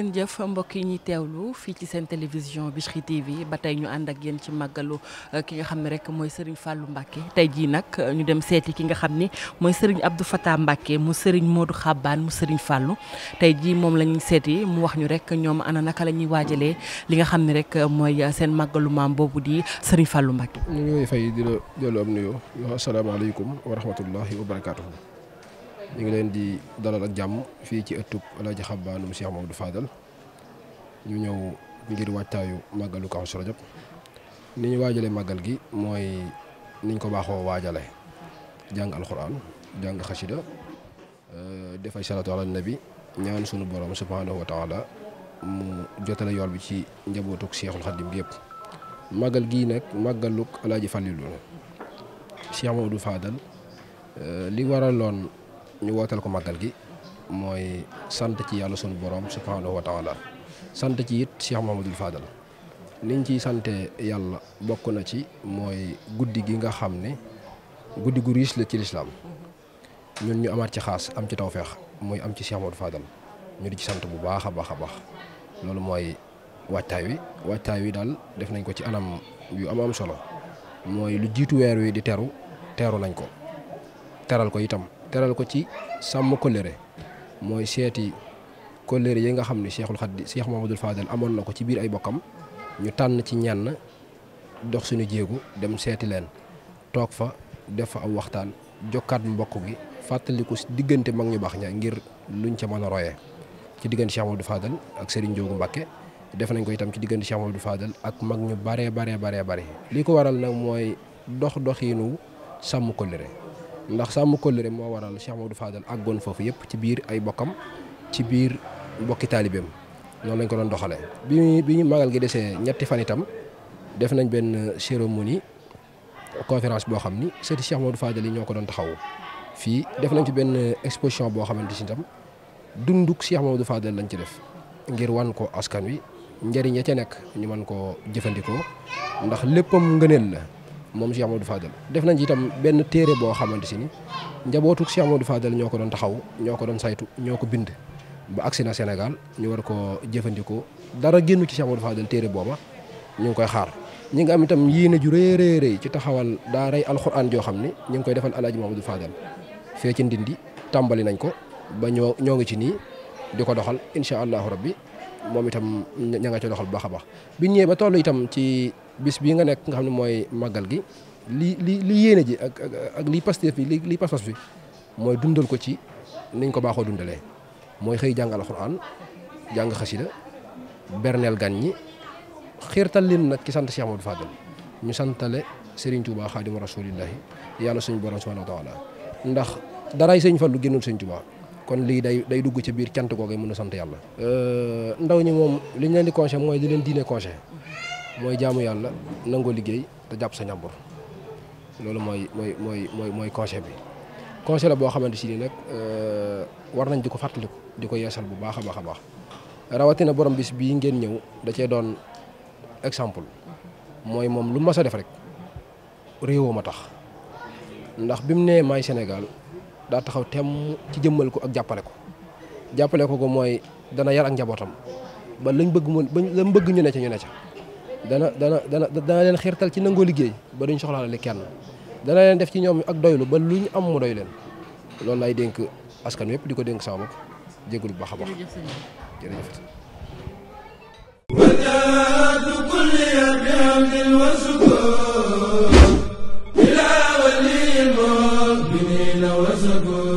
ngeen jëf mbokk yi ñuy teewlu fii ci seen télévision Bichri TV ba tey ñu ànd ak yéen ci màggalu euh, ki nga xam ne rek mooy Serigne Fallou Mbacké tey jii nag euh, ñu dem seeti ki nga xam ni mooy Serigne Abdou Fatah Mbacké mu Serigne Modou Xabbaan mu sëriñ Fallou tey jii moom la seeti mu wax ñu rek ñoom ana naka la ñuy waajalee li nga xam ni rek euh, mooy seen màggalu maam boobu di Serigne fàllu Mbacké. ñu ngi fay di la jëloon nuyoo asalaamaaleykum wa rahmatullahi wa barakaatuhu. ñu ngi leen di dalal ak jàmm fii ci ëttub Alaaji Xabbaanum Cheikh du Fadal ñu ñëw ngir waajtaayu màggalu Kazu Rajab ni ñu waajale màggal gi mooy niñ ko baaxoo waajale jàng alxuraan jàng xasida euh, defay salatu ala nabi ñaan sunu borom subhanahu wa taala mu jotale yool bi ci njabootug Seexul Xaddim gi nag màggaluk Alaaji Fàllilu euh, li waraloon ñu wootal ko màggal gi mooy sant ci yàlla sunu borom subhaanahu wa taala sant ci it Cheikh Mouhamadoul Fadal niñ ciy sante yàlla bokk na ci mooy guddi gi nga xam ne guddi gu la ci ñun ñu amaat ci xaas am ci tawfeex muy am ci Cheikh Mouhamadoul Fadal ñu di ci sant bu baax a baax a baax loolu mooy waajtaay wi waajtaay wi daal def nañ ko ci anam yu am am solo mooy lu jiitu weer wi di teru teeru nañ ko teral ko itam teral ko ci sàmm kóllëre mooy seeti kóllëre yi nga xam ne Cheikhul Xaddi Cheikh Mamadou Fadel amoon na ko ci biir ay bokkam ñu tànn ci ñenn dox suñu jéegu dem seeti leen toog fa def fa ab waxtaan jokkaat mbokk gi fàttaliku diggante mag ñu baax ña ngir luñ ci mën a roye ci diggante Cheikh Mamadou Fadel ak Serigne Ndiogu Mbacke def nañ ko itam ci diggante Cheikh du Fadel ak mag ñu baree baree baree bare li ko waral nag mooy dox doxiinu sàmm kóllëre ndax sàmm kóllëre moo waral Cheikh Modou ak àggoon foofu yëpp ci biir ay bokkam ci biir mbokki taalibeem noonu lañ ko doon doxalee. bi bi ñu magal gi desee ñetti fan itam def nañ benn cérémonie conférence boo xam ni sëti Cheikh Modou Fadal yi ñoo ko doon taxawu fii def nañ ci benn exposition boo xamante si itam dunduk Cheikh Modou Fadal lañ ci def ngir wan ko askan wi njëriñ ya ca nekk ñu mën koo jëfandikoo ndax léppam ngëneel la. moom Cheikh Amadou Fadal def nañ ci itam benn téere boo xamante si ni njabootu Cheikh Amadou Fadal ñoo ko doon taxaw ñoo ko doon saytu ñoo ko bind ba agsi na Sénégal ñu war ko jëfandikoo dara génnu ci Cheikh Amadou Fadal téere booba ñu ngi koy xaar ñi nga am itam yéene ju rëy rëy ci taxawal daaray alxuraan joo xam ne ñu ngi koy defal alaaji Mamadou Fadal fee ci ndindi tàmbali nañ ko ba ñoo ñoo ngi ci nii di ko doxal incha allahu rabbi moom itam ña nga ci ba toll bis bii nga nekk nga xam ne mooy màggal gi lii lii li yéene ji ak ak li Pastef bi li li mooy dundal ko ci niñ ko baaxoo dundalee mooy xëy jàng alxuraan jàng xasida berneel gan ñi xiirtal leen nag ki sant Cheikh Amadou Fadel ñu santale Serigne Touba xaadimu rasulillahi yàlla suñu borom subhanahu wa taala ndax daray sëñ lu génnul sëñ Touba kon lii day day dugg ci biir cant koo mën a sant yàlla. ndaw ñi moom li leen di conseil mooy di leen diine conseil mooy jaamu yàlla nangoo liggéey te jàpp sa ñàmbur loolu mooy mooy mooy mooy mooy conseil bi conseil la boo xamante si nii nag euh, war nañ di ko fàttaliku di ko yeesal bu baax a baax a baax rawatina borom bis bii ngeen ñëw da cee doon exemple mooy moom lu mas a def rek réewam a tax ndax bi mu nee maay Sénégal daa taxaw temm ci jëmmal ko ak jàppale ko jàppale ko ko mooy dana yar ak njabootam ba lañ bëgg mu lañ bëgg ñu ne ca ñu ne ca. dana dana dana dana leen xiirtal ci nangoo liggéey ba duñ soxlaale kenn dana leen def ci ñoom ak doylu ba lu ñu am mu doy leen loolu lay dénk askan wépp di ko dénk sama bopp jégul bu baax a baax jërëjëf